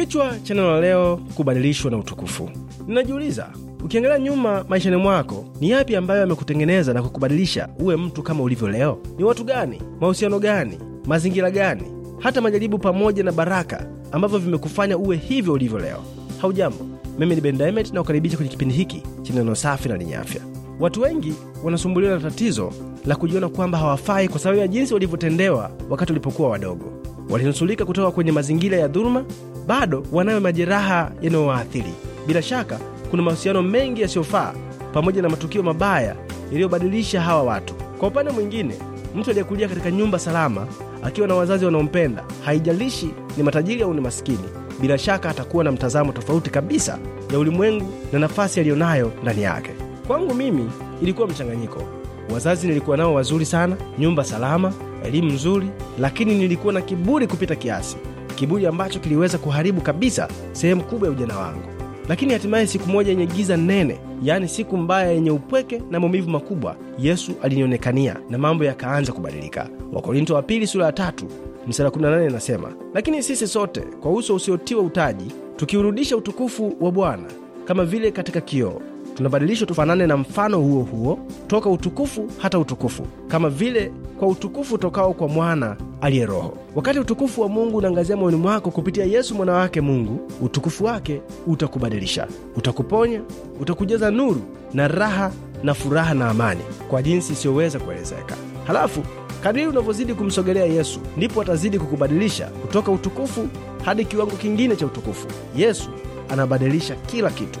Kichwa cha neno la leo, kubadilishwa na utukufu. Ninajiuliza, ukiangalia nyuma maishani mwako, ni yapi ambayo yamekutengeneza na kukubadilisha uwe mtu kama ulivyo leo? Ni watu gani, mahusiano gani, mazingira gani, hata majaribu pamoja na baraka ambavyo vimekufanya uwe hivyo ulivyo leo? Haujambo, mimi ni Bendamet na kukaribisha kwenye kipindi hiki cha neno safi na lenye afya. Watu wengi wanasumbuliwa na tatizo la kujiona kwamba hawafai kwa sababu ya jinsi walivyotendewa wakati walipokuwa wadogo walinusulika kutoka kwenye mazingira ya dhuluma, bado wanayo majeraha yanayowaathiri. Bila shaka kuna mahusiano mengi yasiyofaa pamoja na matukio mabaya yaliyobadilisha hawa watu. Kwa upande mwingine, mtu aliyekulia katika nyumba salama akiwa na wazazi wanaompenda, haijalishi ni matajiri au ni masikini, bila shaka atakuwa na mtazamo tofauti kabisa ya ulimwengu na nafasi aliyonayo ndani yake. Kwangu mimi ilikuwa mchanganyiko. Wazazi nilikuwa nao wazuri sana, nyumba salama, elimu nzuri, lakini nilikuwa na kiburi kupita kiasi, kiburi ambacho kiliweza kuharibu kabisa sehemu kubwa ya ujana wangu. Lakini hatimaye siku moja yenye giza nene, yaani siku mbaya yenye upweke na maumivu makubwa, Yesu alinionekania na mambo yakaanza kubadilika. Wakorinto wa pili sura ya tatu mstari 18 inasema, lakini sisi sote kwa uso usiotiwa utaji tukiurudisha utukufu wa Bwana kama vile katika kioo tunabadilishwa tufanane na mfano huo huo toka utukufu hata utukufu, kama vile kwa utukufu tokao kwa mwana aliye Roho. Wakati utukufu wa Mungu unaangazia moyoni mwako kupitia Yesu mwana wake Mungu, utukufu wake utakubadilisha, utakuponya, utakujaza nuru na raha na furaha na amani kwa jinsi isiyoweza kuelezeka. Halafu kadiri unavyozidi kumsogelea Yesu, ndipo atazidi kukubadilisha kutoka utukufu hadi kiwango kingine cha utukufu. Yesu anabadilisha kila kitu